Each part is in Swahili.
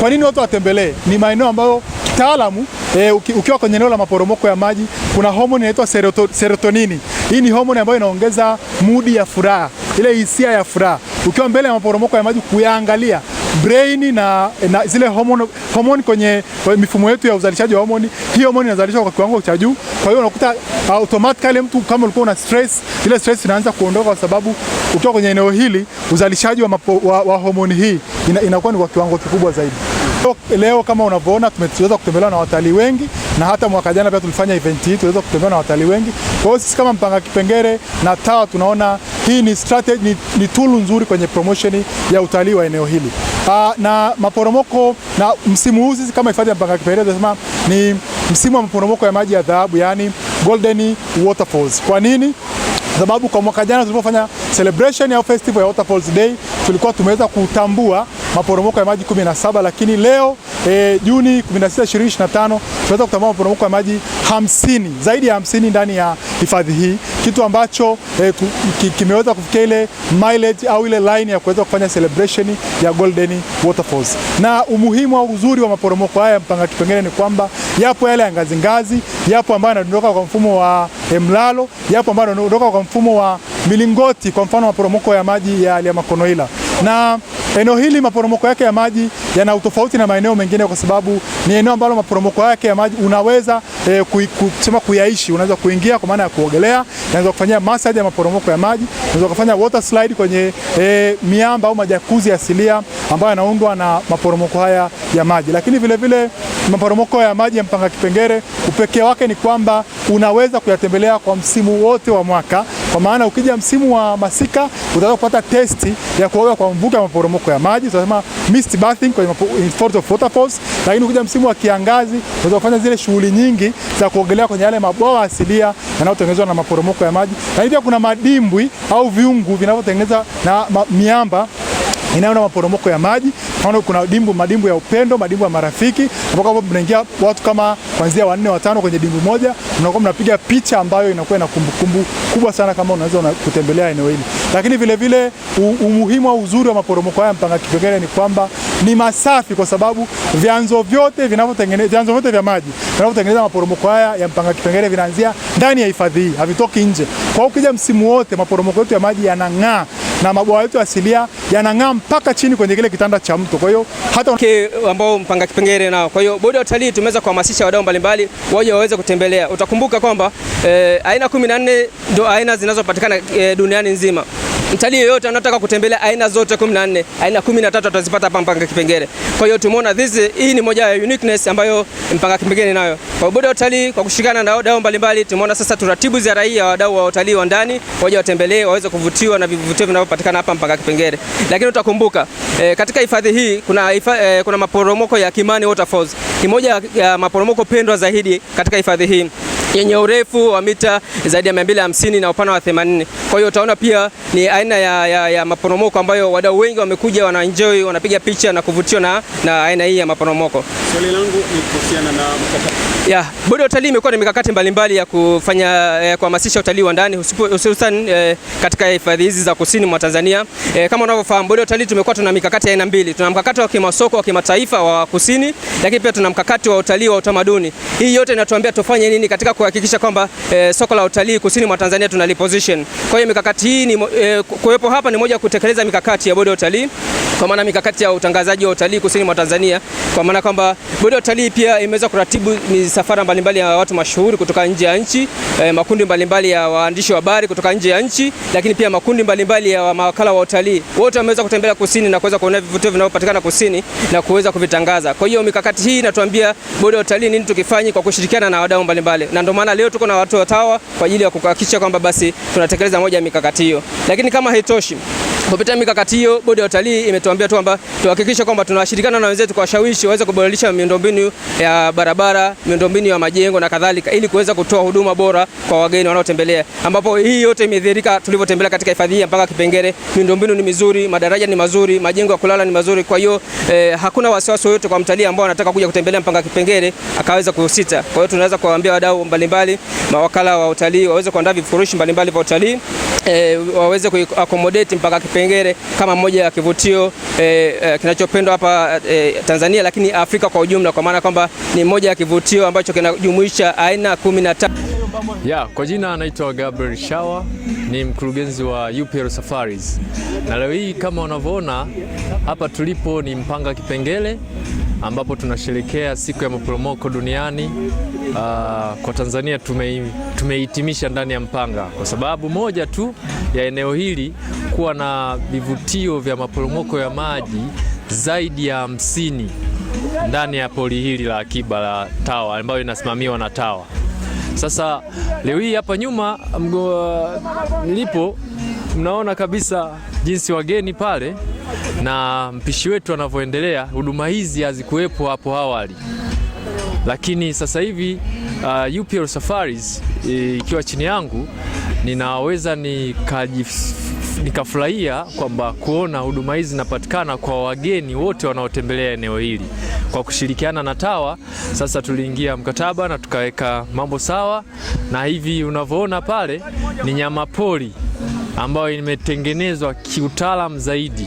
Kwa nini watu watembelee? Ni maeneo ambayo kitaalamu e, uki, ukiwa kwenye eneo la maporomoko ya maji kuna homoni inaitwa serotonini. Hii ni homoni ambayo inaongeza mudi ya furaha, ile hisia ya furaha. Ukiwa mbele ya maporomoko ya maji kuyaangalia brain na, na zile hormone, hormone kwenye mifumo yetu ya uzalishaji wa hormone. Hii hormone inazalishwa kwa kiwango cha juu, kwa hiyo unakuta uh, automatically mtu kama ulikuwa una stress, ile stress inaanza kuondoka kwa sababu ukiwa kwenye eneo hili uzalishaji wa, mapo, wa, wa homoni hii ina, inakuwa ni kwa kiwango kikubwa zaidi. Leo kama unavyoona tumeweza kutembelewa na watalii wengi na hata mwaka jana pia tulifanya event hii, tuweza kutembelewa na watalii wengi. Kwa hiyo sisi kama Mpanga Kipengere na TAWA tunaona hii ni strategy, ni, ni tool nzuri kwenye promotion ya utalii wa eneo hili uh, na maporomoko na msimu huu sisi kama hifadhi ya Mpanga Kipeleo tunasema ni msimu wa maporomoko ya maji ya dhahabu, yani golden waterfalls. Kwa nini? Sababu kwa mwaka jana tulipofanya celebration ya festival ya Waterfalls Day tulikuwa tumeweza kutambua maporomoko ya maji 17 lakini leo e, Juni 16, 2025 tunaweza kutambua maporomoko ya maji 50 zaidi ya 50 ndani ya hifadhi hii kitu ambacho eh, kimeweza kufikia ile mileage au ile line ya kuweza kufanya celebration ya Golden Waterfalls. Na umuhimu au uzuri wa maporomoko haya Mpanga Kipengere ni kwamba yapo yale ya ngazingazi, yapo ambayo yanadondoka kwa mfumo wa eh, mlalo, yapo ambayo yanadondoka kwa mfumo wa milingoti, kwa mfano maporomoko ya maji ya Makonoila na Eneo hili maporomoko yake ya maji yana utofauti na maeneo mengine, kwa sababu ni eneo ambalo maporomoko yake ya maji unaweza e, kusema kuyaishi. Unaweza kuingia kwa maana ya kuogelea, unaweza kufanyia massage ya maporomoko ya maji, unaweza kufanya water slide kwenye e, miamba au majakuzi asilia ambayo yanaundwa na maporomoko haya ya maji, lakini vilevile vile, maporomoko ya maji ya Mpanga Kipengere, upekee wake ni kwamba unaweza kuyatembelea kwa msimu wote wa mwaka, kwa maana ukija msimu wa masika utaweza kupata testi ya kuoga kwa mvuke wa maporomoko ya maji, tunasema mist bathing kwenye falls of waterfalls. Lakini ukija msimu wa kiangazi unaweza kufanya zile shughuli nyingi za kuogelea kwenye yale mabwawa asilia yanayotengenezwa na maporomoko ya maji, lakini pia kuna madimbwi au viungu vinavyotengeneza na miamba inayoona maporomoko ya maji. Naona kuna dimbu, madimbu ya upendo, madimbu ya marafiki, ambapo mnaingia watu kama kuanzia wanne watano kwenye dimbu moja, mnakuwa mnapiga picha ambayo inakuwa na kumbukumbu kubwa sana, kama unaweza kutembelea eneo hili. Lakini vile vile umuhimu au uzuri wa maporomoko haya Mpanga Kipengere ni kwamba ni masafi, kwa sababu vyanzo vyote vinavyotengeneza vyanzo vyote vya maji vinavyotengeneza maporomoko haya ya Mpanga Kipengere vinaanzia ndani ya hifadhi hii, havitoki nje. Kwa hiyo ukija msimu wote maporomoko yetu ya maji yanang'aa na mabwawa yetu asilia yanang'aa mpaka chini kwenye kile kitanda cha mto. Kwa hiyo hata ambao mpanga kipengele nao. Kwa hiyo bodi ya utalii tumeweza kuhamasisha wadau mbalimbali waje waweze kutembelea. Utakumbuka kwamba eh, aina 14 ndio aina zinazopatikana eh, duniani nzima. Mtalii yeyote anataka kutembelea aina zote 14, aina 13 atazipata hapa Mpanga Kipengere. Kwa hiyo tumeona this hii ni moja ya uniqueness ambayo Mpanga Kipengere nayo. Kwa bodi ya utalii kwa kushikana na wadau mbalimbali tumeona sasa turatibu za raia wadau wa utalii wa ndani waje watembelee waweze kuvutiwa na vivutio vinavyopatikana hapa Mpanga Kipengere. Lakini utakumbuka e, katika hifadhi hii kuna ifa, e, eh, kuna maporomoko ya Kimani Waterfalls. Ni moja ya maporomoko pendwa zaidi katika hifadhi hii yenye urefu wa mita zaidi ya 250 na upana wa 80. Kwa hiyo utaona pia ni aina ya, ya, ya maporomoko ambayo wadau wengi wamekuja wanaenjoy, wanapiga picha na kuvutiwa na, na aina hii ya maporomoko. Swali langu ni kuhusiana na mkakati. Yeah, bodi ya utalii imekuwa na mikakati mbalimbali ya kufanya eh, kuhamasisha utalii wa ndani hususan eh, katika hifadhi hizi za kusini mwa Tanzania. Eh, kama unavyofahamu bodi ya utalii tumekuwa tuna mikakati ya aina mbili. Tuna mkakati wa kimasoko wa kimataifa wa kusini, lakini pia tuna mkakati wa utalii wa utamaduni. Hii yote inatuambia tufanye nini katika kuhakikisha kwamba e, soko la utalii kusini mwa Tanzania tunaliposition. Kwa hiyo mikakati hii ni e, kuwepo hapa ni moja kutekeleza mikakati ya bodi ya utalii kwa maana mikakati ya utangazaji wa utalii kusini mwa Tanzania, kwa maana kwamba bodi ya utalii pia imeweza kuratibu misafara mbalimbali ya watu mashuhuri kutoka nje ya nchi e, makundi mbalimbali ya waandishi wa habari kutoka nje ya nchi, lakini pia makundi mbalimbali ya mawakala wa utalii wote wameweza kutembelea kusini na kuweza kuona vivutio vinavyopatikana kusini na kuweza kuvitangaza. Kwa hiyo mikakati hii inatuambia bodi ya utalii nini tukifanye kwa kushirikiana na wadau mbalimbali na ndio maana leo tuko na watu watawa kwa ajili ya kuhakikisha kwamba basi tunatekeleza moja ya mikakati hiyo, lakini kama haitoshi Kupitia mikakati hiyo, bodi ya utalii imetuambia tu kwamba tuhakikishe kwamba tunashirikiana na wenzetu kuwashawishi waweze kuboresha miundombinu ya barabara, miundombinu ya majengo na kadhalika, ili kuweza kutoa huduma bora kwa wageni wanaotembelea, ambapo hii yote imedhihirika tulivyotembelea katika hifadhi hii mpaka Kipengere. Miundombinu ni mizuri, madaraja ni mazuri, majengo ya kulala ni mazuri. Kwa hiyo eh, hakuna wasiwasi wote kwa mtalii ambao anataka kuja kutembelea mpaka Kipengere akaweza kusita. Kwa hiyo tunaweza kuwaambia wadau mbalimbali, mawakala wa utalii waweze kuandaa vifurushi mbalimbali vya utalii eh, waweze kuaccommodate mpaka Kipengere Kipengere kama moja ya kivutio e, e, kinachopendwa hapa e, Tanzania lakini Afrika kwa ujumla, kwa maana kwamba ni moja ya kivutio ambacho kinajumuisha aina kumi na tatu. Ya, kwa jina anaitwa Gabriel Shawa, ni mkurugenzi wa UPL Safaris, na leo hii kama unavyoona hapa tulipo ni Mpanga Kipengele ambapo tunasherekea siku ya maporomoko duniani. Uh, kwa Tanzania tumehitimisha tume ndani ya Mpanga kwa sababu moja tu ya eneo hili kuwa na vivutio vya maporomoko ya maji zaidi ya hamsini ndani ya pori hili la akiba la TAWA ambayo inasimamiwa na TAWA. Sasa leo hii hapa nyuma mgo, nilipo mnaona kabisa jinsi wageni pale na mpishi wetu anavyoendelea. Huduma hizi hazikuwepo hapo awali, lakini sasa hivi uh, UPL Safaris ikiwa chini yangu ninaweza nikafurahia kwamba kuona huduma hizi zinapatikana kwa wageni wote wanaotembelea eneo hili. Kwa kushirikiana na TAWA sasa tuliingia mkataba na tukaweka mambo sawa, na hivi unavyoona pale ni nyama pori ambayo imetengenezwa kiutaalamu zaidi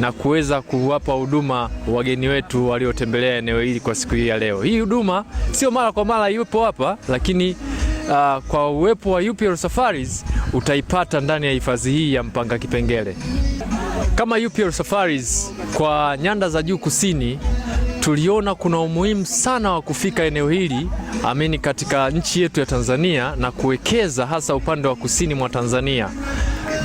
na kuweza kuwapa huduma wageni wetu waliotembelea eneo hili kwa siku hii ya leo. Hii huduma sio mara kwa mara yupo hapa, lakini uh, kwa uwepo wa UPL Safaris utaipata ndani ya hifadhi hii ya Mpanga Kipengere. Kama UPL Safaris kwa nyanda za juu kusini tuliona kuna umuhimu sana wa kufika eneo hili amini katika nchi yetu ya Tanzania na kuwekeza hasa upande wa kusini mwa Tanzania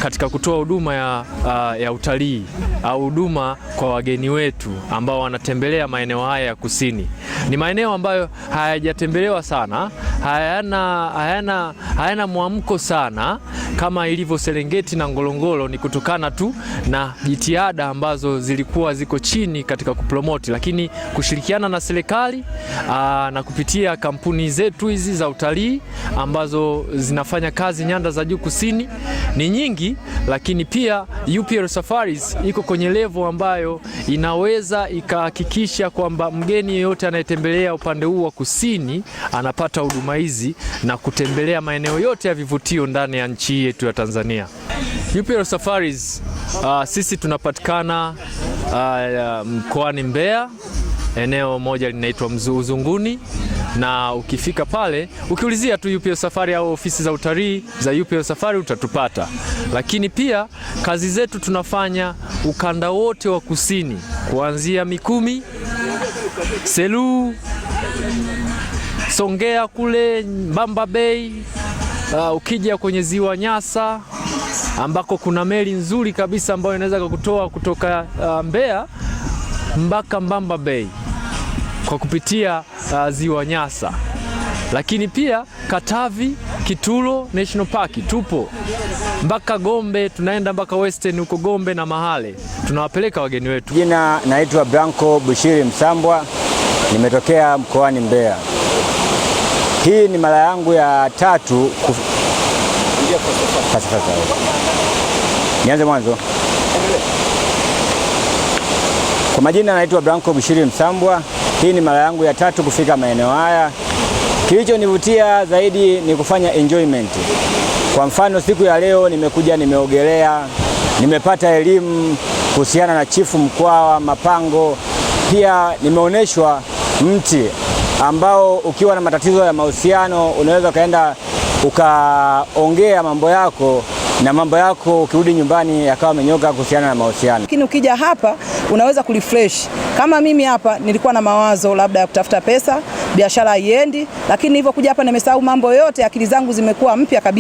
katika kutoa huduma ya, uh, ya utalii au huduma kwa wageni wetu ambao wanatembelea maeneo haya ya kusini. Ni maeneo ambayo hayajatembelewa sana, hayana, hayana, hayana mwamko sana kama ilivyo Serengeti na Ngorongoro. Ni kutokana tu na jitihada ambazo zilikuwa ziko chini katika kupromoti, lakini kushirikiana na serikali uh, na kupitia kampuni zetu hizi za utalii ambazo zinafanya kazi nyanda za juu kusini ni nyingi lakini pia UPL Safaris iko kwenye levo ambayo inaweza ikahakikisha kwamba mgeni yeyote anayetembelea upande huu wa kusini anapata huduma hizi na kutembelea maeneo yote ya vivutio ndani ya nchi yetu ya Tanzania. UPL Safaris uh, sisi tunapatikana uh, mkoani Mbeya, eneo moja linaitwa Uzunguni na ukifika pale ukiulizia tu UPO Safari au ofisi za utalii za UPO Safari utatupata. Lakini pia kazi zetu tunafanya ukanda wote wa kusini kuanzia Mikumi, Seluu, Songea kule Mbamba Bay, uh, ukija kwenye ziwa Nyasa ambako kuna meli nzuri kabisa ambayo inaweza kukutoa kutoka uh, Mbeya mpaka Mbamba Bay kwa kupitia uh, ziwa Nyasa, lakini pia Katavi, Kitulo National Park tupo mpaka Gombe, tunaenda mpaka Western huko Gombe na Mahale, tunawapeleka wageni wetu. Jina naitwa Branko Bushiri Msambwa, nimetokea mkoani Mbeya. Hii ni mara yangu ya tatu kuf... Nianze mwanzo. Kwa majina naitwa Branko Bushiri Msambwa, hii ni mara yangu ya tatu kufika maeneo haya. Kilichonivutia zaidi ni kufanya enjoyment. Kwa mfano, siku ya leo nimekuja, nimeogelea, nimepata elimu kuhusiana na Chifu Mkwawa Mapango. Pia nimeonyeshwa mti ambao ukiwa na matatizo ya mahusiano unaweza ukaenda ukaongea mambo yako na mambo yako ukirudi nyumbani yakawa amenyoka kuhusiana na mahusiano. Lakini ukija hapa unaweza kulifresh. Kama mimi hapa nilikuwa na mawazo labda ya kutafuta pesa, biashara haiendi, lakini nilivyokuja hapa nimesahau mambo yote, akili zangu zimekuwa mpya kabisa.